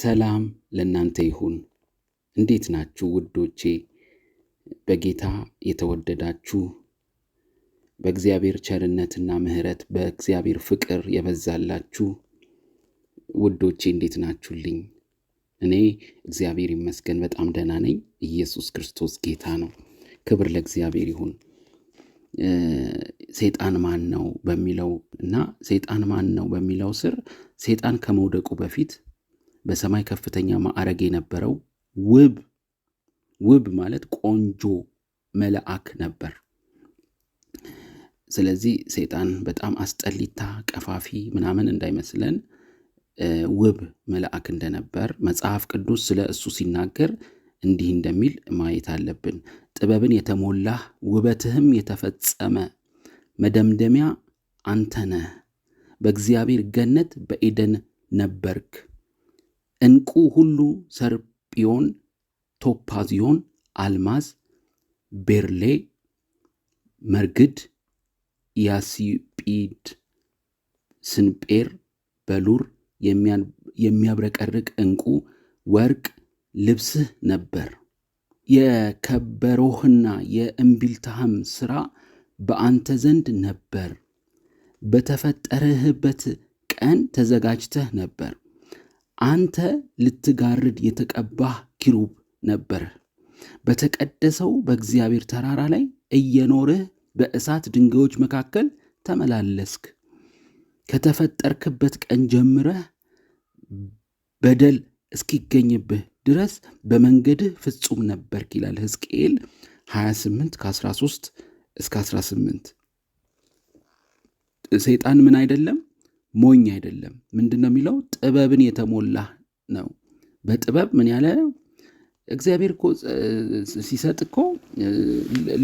ሰላም ለእናንተ ይሁን። እንዴት ናችሁ ውዶቼ? በጌታ የተወደዳችሁ በእግዚአብሔር ቸርነትና ምሕረት በእግዚአብሔር ፍቅር የበዛላችሁ ውዶቼ እንዴት ናችሁልኝ? እኔ እግዚአብሔር ይመስገን በጣም ደህና ነኝ። ኢየሱስ ክርስቶስ ጌታ ነው። ክብር ለእግዚአብሔር ይሁን። ሰይጣን ማን ነው በሚለው እና ሰይጣን ማን ነው በሚለው ስር ሰይጣን ከመውደቁ በፊት በሰማይ ከፍተኛ ማዕረግ የነበረው ውብ ውብ ማለት ቆንጆ መልአክ ነበር። ስለዚህ ሰይጣን በጣም አስጠሊታ፣ ቀፋፊ ምናምን እንዳይመስለን ውብ መልአክ እንደነበር መጽሐፍ ቅዱስ ስለ እሱ ሲናገር እንዲህ እንደሚል ማየት አለብን። ጥበብን የተሞላህ ውበትህም የተፈጸመ መደምደሚያ አንተ በእግዚአብሔር ገነት በኤደን ነበርክ እንቁ ሁሉ ሰርጲዮን፣ ቶፓዚዮን፣ አልማዝ፣ ቤርሌ፣ መርግድ፣ ያሲጲድ፣ ስንጴር፣ በሉር፣ የሚያብረቀርቅ እንቁ ወርቅ ልብስህ ነበር። የከበሮህና የእምቢልታህም ሥራ በአንተ ዘንድ ነበር። በተፈጠረህበት ቀን ተዘጋጅተህ ነበር። አንተ ልትጋርድ የተቀባህ ኪሩብ ነበር። በተቀደሰው በእግዚአብሔር ተራራ ላይ እየኖርህ በእሳት ድንጋዮች መካከል ተመላለስክ። ከተፈጠርክበት ቀን ጀምረህ በደል እስኪገኝብህ ድረስ በመንገድህ ፍጹም ነበርክ ይላል ሕዝቅኤል 28 ከ13 እስከ 18። ሰይጣን ምን አይደለም ሞኝ አይደለም። ምንድን ነው የሚለው? ጥበብን የተሞላ ነው። በጥበብ ምን ያለ እግዚአብሔር እኮ ሲሰጥ እኮ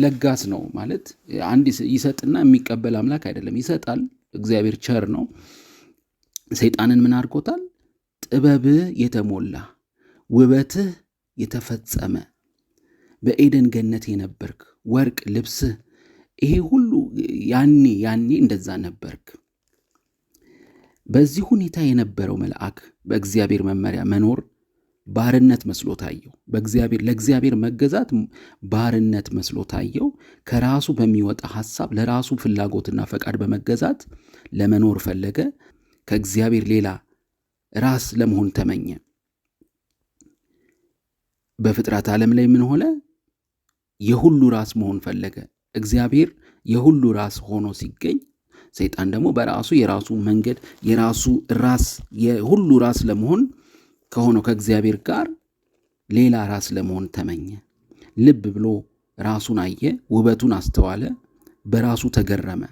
ለጋስ ነው ማለት አንድ ይሰጥና የሚቀበል አምላክ አይደለም። ይሰጣል። እግዚአብሔር ቸር ነው። ሰይጣንን ምን አድርጎታል? ጥበብህ የተሞላ ውበትህ የተፈጸመ በኤደን ገነት የነበርክ ወርቅ ልብስህ ይሄ ሁሉ ያኔ ያኔ እንደዛ ነበርክ። በዚህ ሁኔታ የነበረው መልአክ በእግዚአብሔር መመሪያ መኖር ባርነት መስሎ ታየው። በእግዚአብሔር ለእግዚአብሔር መገዛት ባርነት መስሎ ታየው። ከራሱ በሚወጣ ሐሳብ ለራሱ ፍላጎትና ፈቃድ በመገዛት ለመኖር ፈለገ። ከእግዚአብሔር ሌላ ራስ ለመሆን ተመኘ። በፍጥረት ዓለም ላይ ምን ሆነ? የሁሉ ራስ መሆን ፈለገ። እግዚአብሔር የሁሉ ራስ ሆኖ ሲገኝ ሰይጣን ደግሞ በራሱ የራሱ መንገድ የራሱ ራስ የሁሉ ራስ ለመሆን ከሆነው ከእግዚአብሔር ጋር ሌላ ራስ ለመሆን ተመኘ። ልብ ብሎ ራሱን አየ፣ ውበቱን አስተዋለ፣ በራሱ ተገረመ።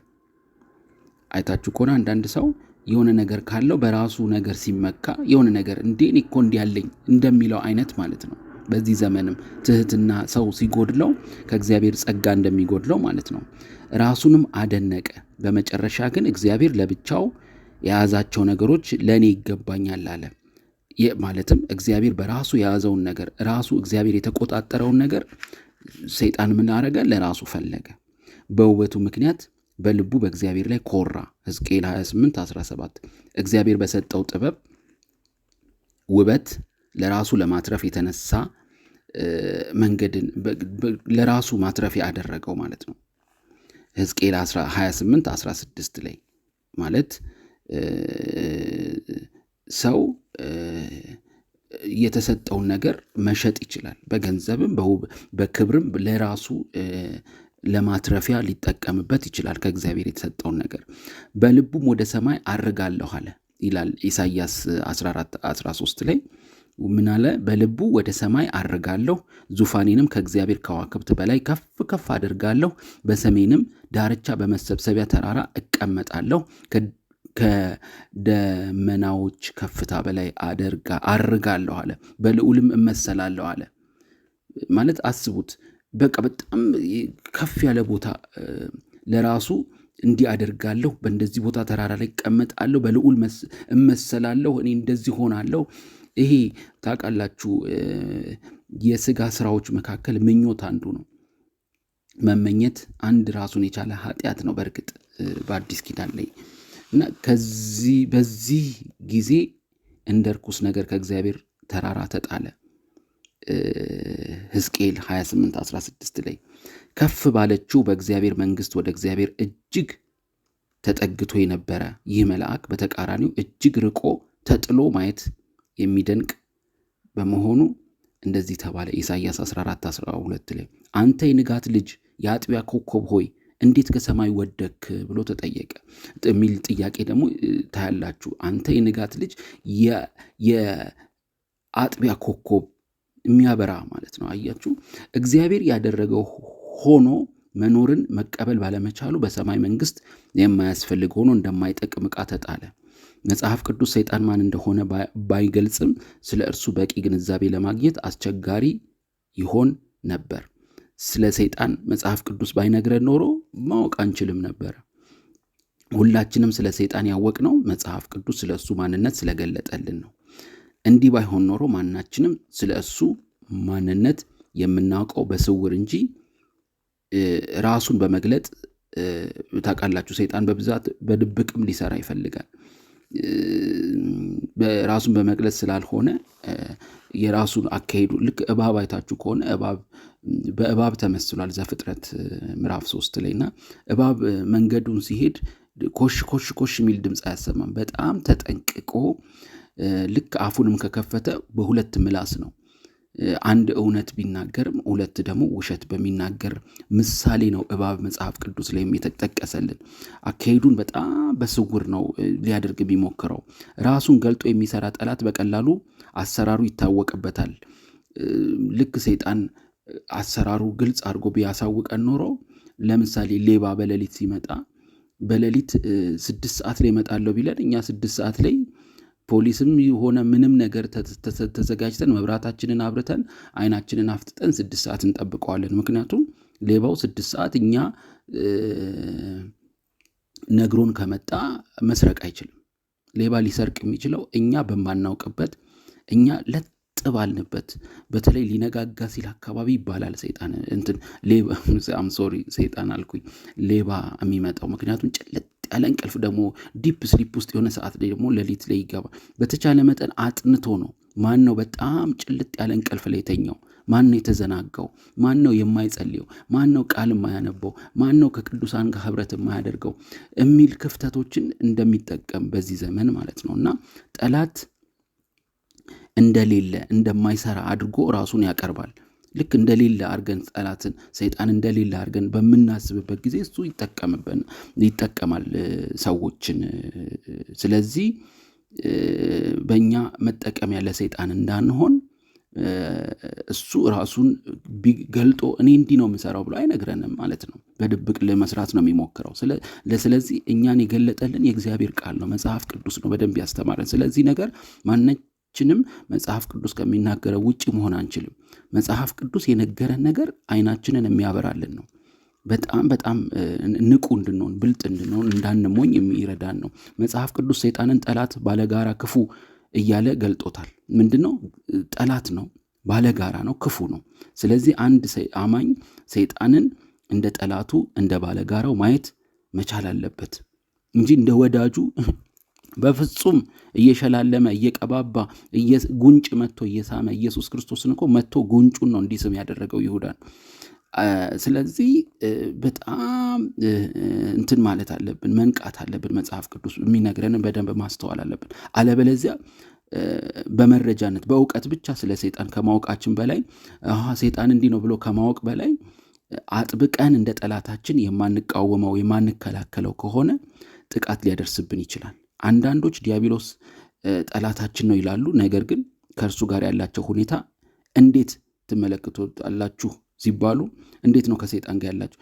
አይታችሁ ከሆነ አንዳንድ ሰው የሆነ ነገር ካለው በራሱ ነገር ሲመካ የሆነ ነገር እንዴ እኔ እኮ ያለኝ እንደሚለው አይነት ማለት ነው። በዚህ ዘመንም ትህትና ሰው ሲጎድለው ከእግዚአብሔር ጸጋ እንደሚጎድለው ማለት ነው። ራሱንም አደነቀ። በመጨረሻ ግን እግዚአብሔር ለብቻው የያዛቸው ነገሮች ለእኔ ይገባኛል አለ። ማለትም እግዚአብሔር በራሱ የያዘውን ነገር ራሱ እግዚአብሔር የተቆጣጠረውን ነገር ሰይጣን ምን ለራሱ ፈለገ። በውበቱ ምክንያት በልቡ በእግዚአብሔር ላይ ኮራ። ሕዝቅኤል 28 17 እግዚአብሔር በሰጠው ጥበብ ውበት ለራሱ ለማትረፍ የተነሳ መንገድን ለራሱ ማትረፊያ አደረገው ማለት ነው። ህዝቅኤል 28 16 ላይ ማለት ሰው የተሰጠውን ነገር መሸጥ ይችላል። በገንዘብም በክብርም ለራሱ ለማትረፊያ ሊጠቀምበት ይችላል። ከእግዚአብሔር የተሰጠውን ነገር በልቡም ወደ ሰማይ አርጋለሁ አለ ይላል ኢሳያስ 14 13 ላይ ምን አለ? በልቡ ወደ ሰማይ አርጋለሁ፣ ዙፋኔንም ከእግዚአብሔር ከዋክብት በላይ ከፍ ከፍ አድርጋለሁ፣ በሰሜንም ዳርቻ በመሰብሰቢያ ተራራ እቀመጣለሁ፣ ከደመናዎች ከፍታ በላይ አደርጋ አርጋለሁ አለ፣ በልዑልም እመሰላለሁ አለ። ማለት አስቡት፣ በቃ በጣም ከፍ ያለ ቦታ ለራሱ እንዲህ አደርጋለሁ፣ በእንደዚህ ቦታ ተራራ ላይ እቀመጣለሁ፣ በልዑል እመሰላለሁ፣ እኔ እንደዚህ ሆናለሁ ይሄ ታውቃላችሁ የስጋ ስራዎች መካከል ምኞት አንዱ ነው። መመኘት አንድ ራሱን የቻለ ኃጢአት ነው። በእርግጥ በአዲስ ኪዳን ላይ እና ከዚህ በዚህ ጊዜ እንደ ርኩስ ነገር ከእግዚአብሔር ተራራ ተጣለ። ህዝቅኤል 28 16 ላይ ከፍ ባለችው በእግዚአብሔር መንግስት ወደ እግዚአብሔር እጅግ ተጠግቶ የነበረ ይህ መልአክ በተቃራኒው እጅግ ርቆ ተጥሎ ማየት የሚደንቅ በመሆኑ እንደዚህ ተባለ። ኢሳያስ 14 12 ላይ አንተ የንጋት ልጅ የአጥቢያ ኮከብ ሆይ እንዴት ከሰማይ ወደክ ብሎ ተጠየቀ የሚል ጥያቄ ደግሞ ታያላችሁ። አንተ የንጋት ልጅ የአጥቢያ ኮከብ የሚያበራ ማለት ነው። አያችሁ እግዚአብሔር ያደረገው ሆኖ መኖርን መቀበል ባለመቻሉ በሰማይ መንግስት የማያስፈልግ ሆኖ እንደማይጠቅም ዕቃ ተጣለ። መጽሐፍ ቅዱስ ሰይጣን ማን እንደሆነ ባይገልጽም ስለ እርሱ በቂ ግንዛቤ ለማግኘት አስቸጋሪ ይሆን ነበር። ስለ ሰይጣን መጽሐፍ ቅዱስ ባይነግረን ኖሮ ማወቅ አንችልም ነበር። ሁላችንም ስለ ሰይጣን ያወቅነው መጽሐፍ ቅዱስ ስለ እሱ ማንነት ስለገለጠልን ነው። እንዲህ ባይሆን ኖሮ ማናችንም ስለ እሱ ማንነት የምናውቀው በስውር እንጂ ራሱን በመግለጥ ታውቃላችሁ፣ ሰይጣን በብዛት በድብቅም ሊሰራ ይፈልጋል። ራሱን በመግለጽ ስላልሆነ የራሱን አካሄዱ ልክ እባብ አይታችሁ ከሆነ እባብ በእባብ ተመስሏል ዘፍጥረት ምዕራፍ ሶስት ላይ እና እባብ መንገዱን ሲሄድ ኮሽ ኮሽ ኮሽ የሚል ድምፅ አያሰማም። በጣም ተጠንቅቆ ልክ አፉንም ከከፈተ በሁለት ምላስ ነው። አንድ እውነት ቢናገርም ሁለት ደግሞ ውሸት በሚናገር ምሳሌ ነው እባብ መጽሐፍ ቅዱስ ላይ የተጠቀሰልን። አካሄዱን በጣም በስውር ነው ሊያደርግ የሚሞክረው። ራሱን ገልጦ የሚሰራ ጠላት በቀላሉ አሰራሩ ይታወቅበታል። ልክ ሰይጣን አሰራሩ ግልጽ አድርጎ ቢያሳውቀን ኖሮ ለምሳሌ ሌባ በሌሊት ሲመጣ በሌሊት ስድስት ሰዓት ላይ እመጣለሁ ቢለን እኛ ስድስት ሰዓት ላይ ፖሊስም የሆነ ምንም ነገር ተዘጋጅተን መብራታችንን አብርተን አይናችንን አፍጥጠን ስድስት ሰዓት እንጠብቀዋለን። ምክንያቱም ሌባው ስድስት ሰዓት እኛ ነግሮን ከመጣ መስረቅ አይችልም። ሌባ ሊሰርቅ የሚችለው እኛ በማናውቅበት እኛ ለጥ ባልንበት በተለይ ሊነጋጋ ሲል አካባቢ ይባላል ሰይጣን እንትን ሌባ ሰይጣን አልኩኝ ሌባ የሚመጣው ምክንያቱም ጨለጥ ያለ እንቅልፍ ደግሞ ዲፕ ስሊፕ ውስጥ የሆነ ሰዓት ላይ ደግሞ ለሊት ላይ ይገባ። በተቻለ መጠን አጥንቶ ነው። ማን ነው በጣም ጭልጥ ያለ እንቅልፍ ላይ የተኛው? ማን ነው የተዘናጋው? ማን ነው የማይጸልየው? ማን ነው ቃል የማያነበው? ማን ነው ከቅዱሳን ጋር ህብረት የማያደርገው የሚል ክፍተቶችን እንደሚጠቀም በዚህ ዘመን ማለት ነው እና ጠላት እንደሌለ እንደማይሰራ አድርጎ ራሱን ያቀርባል። ልክ እንደሌለ አርገን ጠላትን ሰይጣን እንደሌለ አርገን በምናስብበት ጊዜ እሱ ይጠቀማል ሰዎችን። ስለዚህ በእኛ መጠቀሚያ ለሰይጣን እንዳንሆን እሱ ራሱን ገልጦ እኔ እንዲህ ነው የምሰራው ብሎ አይነግረንም ማለት ነው። በድብቅ ለመስራት ነው የሚሞክረው። ስለዚህ እኛን የገለጠልን የእግዚአብሔር ቃል ነው፣ መጽሐፍ ቅዱስ ነው በደንብ ያስተማረን። ስለዚህ ነገር ሁላችንም መጽሐፍ ቅዱስ ከሚናገረው ውጭ መሆን አንችልም። መጽሐፍ ቅዱስ የነገረን ነገር አይናችንን የሚያበራልን ነው። በጣም በጣም ንቁ እንድንሆን ብልጥ እንድንሆን እንዳንሞኝ የሚረዳን ነው። መጽሐፍ ቅዱስ ሰይጣንን ጠላት፣ ባለጋራ፣ ክፉ እያለ ገልጦታል። ምንድን ነው? ጠላት ነው፣ ባለጋራ ነው፣ ክፉ ነው። ስለዚህ አንድ አማኝ ሰይጣንን እንደ ጠላቱ እንደ ባለጋራው ማየት መቻል አለበት እንጂ እንደ ወዳጁ በፍጹም እየሸላለመ እየቀባባ ጉንጭ መቶ እየሳመ ኢየሱስ ክርስቶስን እኮ መቶ ጉንጩን ነው እንዲስም ያደረገው ይሁዳ ነው። ስለዚህ በጣም እንትን ማለት አለብን፣ መንቃት አለብን። መጽሐፍ ቅዱስ የሚነግረንን በደንብ ማስተዋል አለብን። አለበለዚያ በመረጃነት በእውቀት ብቻ ስለ ሰይጣን ከማወቃችን በላይ ሰይጣን እንዲህ ነው ብሎ ከማወቅ በላይ አጥብቀን እንደ ጠላታችን የማንቃወመው የማንከላከለው ከሆነ ጥቃት ሊያደርስብን ይችላል። አንዳንዶች ዲያብሎስ ጠላታችን ነው ይላሉ። ነገር ግን ከእርሱ ጋር ያላቸው ሁኔታ እንዴት ትመለከቱታላችሁ ሲባሉ እንዴት ነው ከሰይጣን ጋር ያላችሁ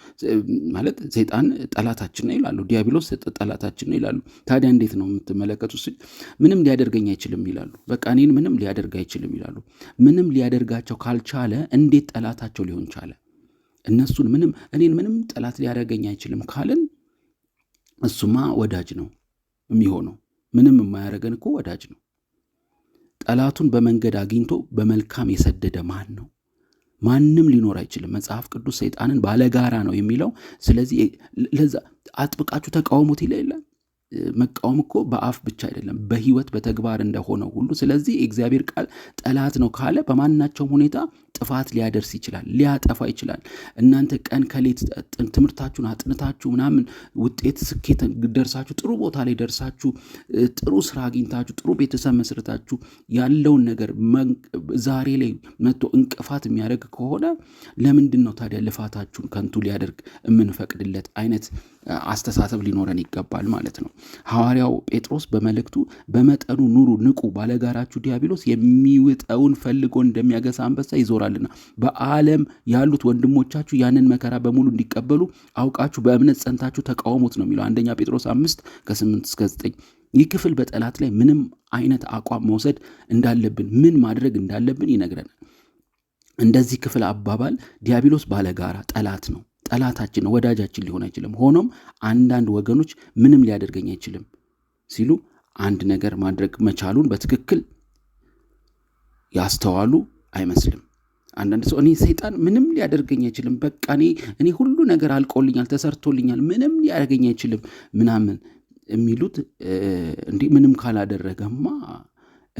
ማለት ሰይጣን ጠላታችን ነው ይላሉ። ዲያብሎስ ጠላታችን ነው ይላሉ። ታዲያ እንዴት ነው የምትመለከቱት ምንም ሊያደርገኝ አይችልም ይላሉ። በቃ እኔን ምንም ሊያደርግ አይችልም ይላሉ። ምንም ሊያደርጋቸው ካልቻለ እንዴት ጠላታቸው ሊሆን ቻለ? እነሱን ምንም እኔን ምንም ጠላት ሊያደርገኝ አይችልም ካልን እሱማ ወዳጅ ነው የሚሆነው። ምንም የማያደርገን እኮ ወዳጅ ነው። ጠላቱን በመንገድ አግኝቶ በመልካም የሰደደ ማን ነው? ማንም ሊኖር አይችልም። መጽሐፍ ቅዱስ ሰይጣንን ባለጋራ ነው የሚለው። ስለዚህ ለዛ አጥብቃችሁ ተቃውሞት ይለ የለም መቃወም እኮ በአፍ ብቻ አይደለም፣ በህይወት በተግባር እንደሆነው ሁሉ ስለዚህ የእግዚአብሔር ቃል ጠላት ነው ካለ በማናቸውም ሁኔታ ጥፋት ሊያደርስ ይችላል፣ ሊያጠፋ ይችላል። እናንተ ቀን ከሌት ትምህርታችሁን አጥንታችሁ ምናምን ውጤት ስኬት ደርሳችሁ ጥሩ ቦታ ላይ ደርሳችሁ ጥሩ ስራ አግኝታችሁ ጥሩ ቤተሰብ መስረታችሁ ያለውን ነገር ዛሬ ላይ መጥቶ እንቅፋት የሚያደርግ ከሆነ ለምንድን ነው ታዲያ ልፋታችሁን ከንቱ ሊያደርግ የምንፈቅድለት አይነት አስተሳሰብ ሊኖረን ይገባል ማለት ነው። ሐዋርያው ጴጥሮስ በመልእክቱ በመጠኑ ኑሩ፣ ንቁ፣ ባለጋራችሁ ዲያብሎስ የሚውጠውን ፈልጎ እንደሚያገሳ አንበሳ ይዞራልና በዓለም ያሉት ወንድሞቻችሁ ያንን መከራ በሙሉ እንዲቀበሉ አውቃችሁ በእምነት ጸንታችሁ ተቃውሞት ነው የሚለው አንደኛ ጴጥሮስ አምስት ከስምንት እስከ ዘጠኝ ይህ ክፍል በጠላት ላይ ምንም አይነት አቋም መውሰድ እንዳለብን ምን ማድረግ እንዳለብን ይነግረናል። እንደዚህ ክፍል አባባል ዲያብሎስ ባለጋራ ጠላት ነው። ጠላታችን ወዳጃችን ሊሆን አይችልም። ሆኖም አንዳንድ ወገኖች ምንም ሊያደርገኝ አይችልም ሲሉ አንድ ነገር ማድረግ መቻሉን በትክክል ያስተዋሉ አይመስልም። አንዳንድ ሰው እኔ ሰይጣን ምንም ሊያደርገኝ አይችልም፣ በቃ እኔ እኔ ሁሉ ነገር አልቆልኛል፣ ተሰርቶልኛል፣ ምንም ሊያደርገኝ አይችልም ምናምን የሚሉት እንዲህ ምንም ካላደረገማ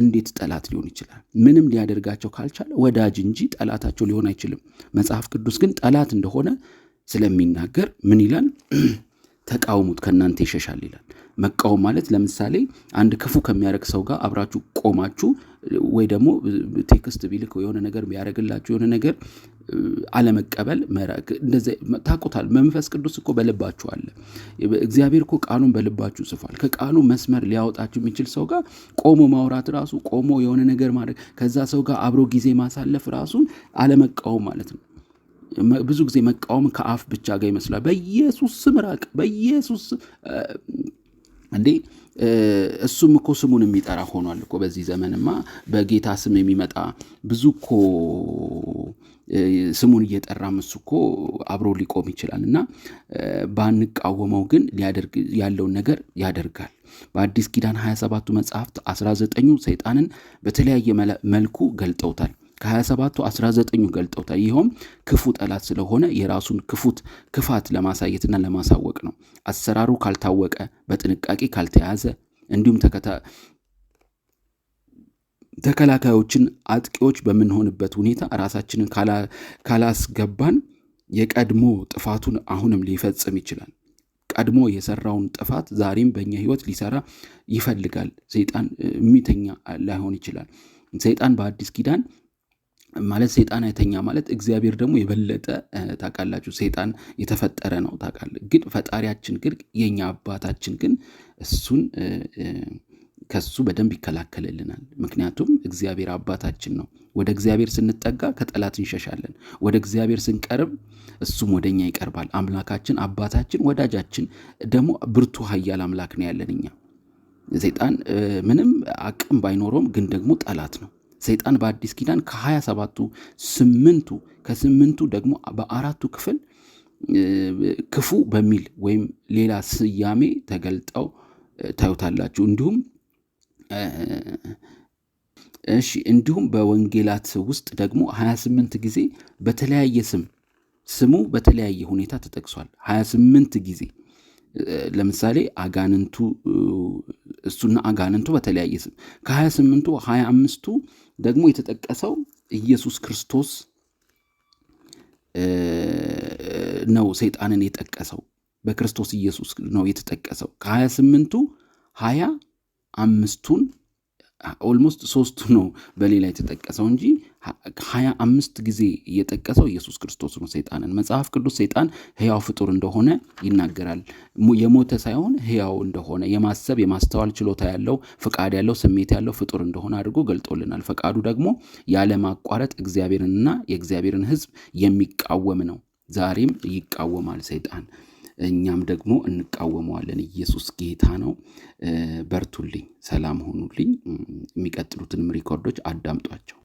እንዴት ጠላት ሊሆን ይችላል? ምንም ሊያደርጋቸው ካልቻለ ወዳጅ እንጂ ጠላታቸው ሊሆን አይችልም። መጽሐፍ ቅዱስ ግን ጠላት እንደሆነ ስለሚናገር ምን ይላል? ተቃውሙት ከእናንተ ይሸሻል ይላል። መቃወም ማለት ለምሳሌ አንድ ክፉ ከሚያደረግ ሰው ጋር አብራችሁ ቆማችሁ ወይ ደግሞ ቴክስት ቢልክ የሆነ ነገር ቢያደርግላችሁ የሆነ ነገር አለመቀበል ታቁታል። መንፈስ ቅዱስ እኮ በልባችሁ አለ። እግዚአብሔር እኮ ቃሉን በልባችሁ ጽፏል። ከቃሉ መስመር ሊያወጣችሁ የሚችል ሰው ጋር ቆሞ ማውራት ራሱ ቆሞ የሆነ ነገር ማድረግ ከዛ ሰው ጋር አብሮ ጊዜ ማሳለፍ ራሱን አለመቃወም ማለት ነው። ብዙ ጊዜ መቃወም ከአፍ ብቻ ጋር ይመስላል። በኢየሱስ ስም ራቅ፣ በኢየሱስ እንዴ እሱም እኮ ስሙን የሚጠራ ሆኗል እኮ በዚህ ዘመንማ በጌታ ስም የሚመጣ ብዙ እኮ ስሙን እየጠራም እሱ እኮ አብሮ ሊቆም ይችላል እና ባንቃወመው ግን ሊያደርግ ያለውን ነገር ያደርጋል። በአዲስ ኪዳን 27ቱ መጽሐፍት 19ኙ ሰይጣንን በተለያየ መልኩ ገልጠውታል። ከ27ቱ 19ኙ ገልጠውታል። ይኸውም ክፉ ጠላት ስለሆነ የራሱን ክፉት ክፋት ለማሳየትና ለማሳወቅ ነው። አሰራሩ ካልታወቀ፣ በጥንቃቄ ካልተያዘ እንዲሁም ተከላካዮችን አጥቂዎች በምንሆንበት ሁኔታ ራሳችንን ካላስገባን የቀድሞ ጥፋቱን አሁንም ሊፈጽም ይችላል። ቀድሞ የሰራውን ጥፋት ዛሬም በእኛ ህይወት ሊሰራ ይፈልጋል። ሰይጣን የሚተኛ ላይሆን ይችላል። ሰይጣን በአዲስ ኪዳን ማለት ሰይጣን አይተኛ ማለት እግዚአብሔር ደግሞ የበለጠ ታውቃላችሁ፣ ሰይጣን የተፈጠረ ነው ታውቃለህ። ግን ፈጣሪያችን ግን የኛ አባታችን ግን እሱን ከሱ በደንብ ይከላከልልናል። ምክንያቱም እግዚአብሔር አባታችን ነው። ወደ እግዚአብሔር ስንጠጋ ከጠላት እንሸሻለን። ወደ እግዚአብሔር ስንቀርብ እሱም ወደኛ ይቀርባል። አምላካችን፣ አባታችን፣ ወዳጃችን ደግሞ ብርቱ ኃያል አምላክ ነው ያለን እኛ። ሰይጣን ምንም አቅም ባይኖረውም ግን ደግሞ ጠላት ነው። ሰይጣን በአዲስ ኪዳን ከ ሰባቱ ስምንቱ ከስምንቱ ደግሞ በአራቱ ክፍል ክፉ በሚል ወይም ሌላ ስያሜ ተገልጠው ታዩታላችሁ። እንዲሁም እሺ እንዲሁም በወንጌላት ውስጥ ደግሞ 28 ጊዜ በተለያየ ስም ስሙ በተለያየ ሁኔታ ተጠቅሷል። 28 ጊዜ ለምሳሌ አጋንንቱ እሱና አጋንንቱ በተለያየ ስም ከሀያ ስምንቱ ሀያ አምስቱ ደግሞ የተጠቀሰው ኢየሱስ ክርስቶስ ነው ሰይጣንን የጠቀሰው በክርስቶስ ኢየሱስ ነው የተጠቀሰው ከሀያ ስምንቱ ሀያ አምስቱን ኦልሞስት ሶስቱ ነው በሌላ የተጠቀሰው እንጂ ሀያ አምስት ጊዜ እየጠቀሰው ኢየሱስ ክርስቶስ ነው ሰይጣንን። መጽሐፍ ቅዱስ ሰይጣን ህያው ፍጡር እንደሆነ ይናገራል። የሞተ ሳይሆን ህያው እንደሆነ የማሰብ የማስተዋል ችሎታ ያለው ፍቃድ ያለው ስሜት ያለው ፍጡር እንደሆነ አድርጎ ገልጦልናል። ፈቃዱ ደግሞ ያለማቋረጥ እግዚአብሔርንና የእግዚአብሔርን ህዝብ የሚቃወም ነው። ዛሬም ይቃወማል ሰይጣን። እኛም ደግሞ እንቃወመዋለን። ኢየሱስ ጌታ ነው። በርቱልኝ፣ ሰላም ሆኑልኝ። የሚቀጥሉትንም ሪኮርዶች አዳምጧቸው።